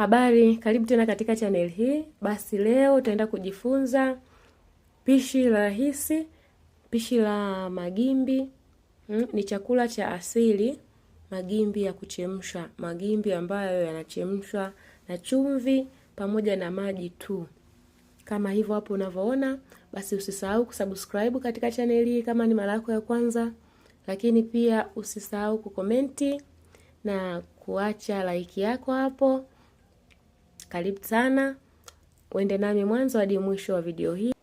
Habari, karibu tena katika channel hii. Basi leo utaenda kujifunza pishi la rahisi, pishi la magimbi. Hmm, ni chakula cha asili, magimbi ya kuchemshwa magimbi ambayo yanachemshwa na chumvi pamoja na maji tu, kama hivyo hapo unavyoona. Basi usisahau kusubscribe katika channel hii kama ni mara yako ya kwanza, lakini pia usisahau kukomenti na kuacha like yako hapo. Karibu sana, uende nami mwanzo hadi mwisho wa video hii.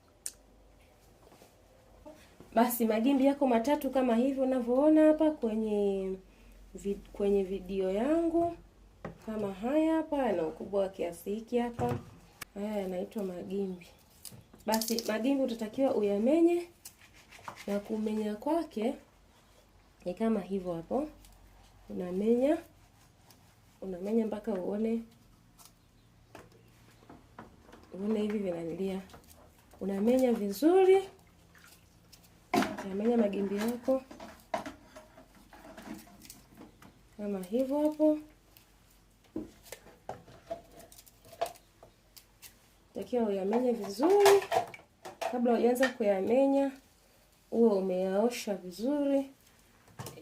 Basi magimbi yako matatu kama hivyo unavyoona hapa kwenye vid, kwenye video yangu kama haya hapa, yana ukubwa wa kiasi hiki hapa. Haya yanaitwa magimbi. Basi magimbi utatakiwa uyamenye, na kumenya kwake ni kama hivyo hapo, unamenya unamenya mpaka uone Unaona hivi vinanilia, unamenya vizuri, unamenya magimbi yako kama hivyo hapo. Takiwa uyamenye vizuri. Kabla hujaanza kuyamenya, huo umeyaosha vizuri,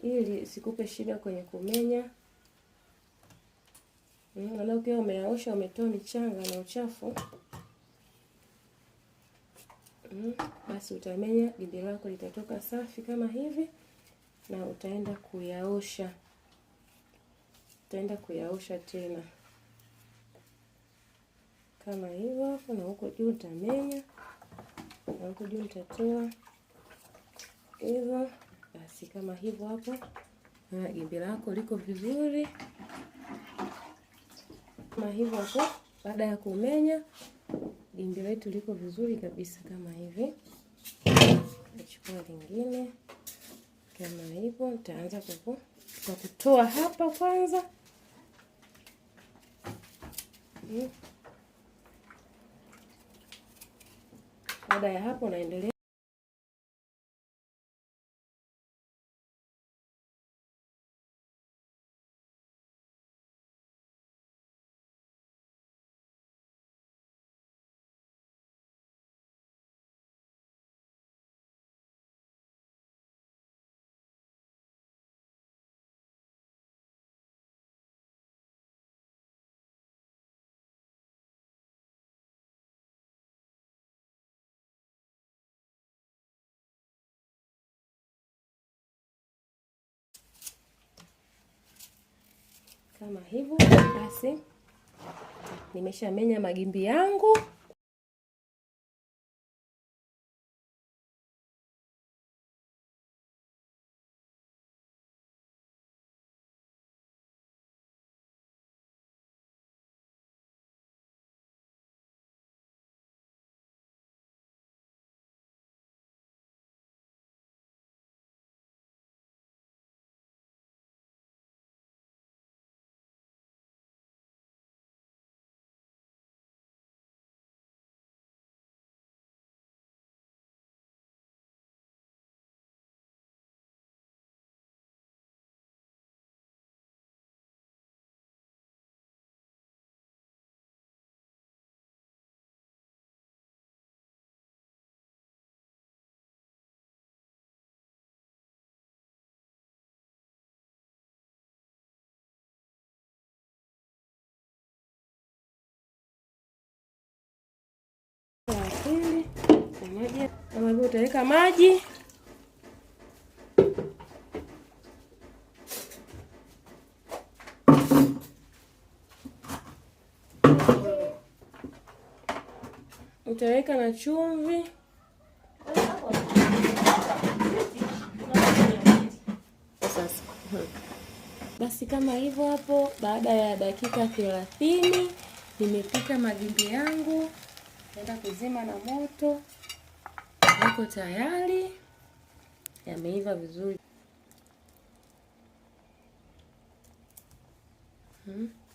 ili sikupe shida kwenye kumenya. Unaona, ukiwa umeyaosha, umetoa michanga na uchafu mm, basi utamenya gimbi lako litatoka safi kama hivi, na utaenda kuyaosha, utaenda kuyaosha tena kama hivyo, hapo, na huko juu utamenya, na huko juu utatoa hivyo. Basi kama hivyo hapo, na jembe lako liko vizuri kama hivyo hapo. Baada ya kumenya Dimbi letu liko vizuri kabisa kama hivi. Nachukua lingine kama hivyo, nitaanza kwa kutoa hapa kwanza hmm. baada ya hapo naendelea kama hivyo. Basi nimeshamenya magimbi yangu. maji kama hivyo utaweka maji utaweka na chumvi sasa. Basi kama hivyo hapo, baada ya dakika thelathini nimepika magimbi yangu, naenda kuzima na moto yako tayari, yameiva vizuri hmm.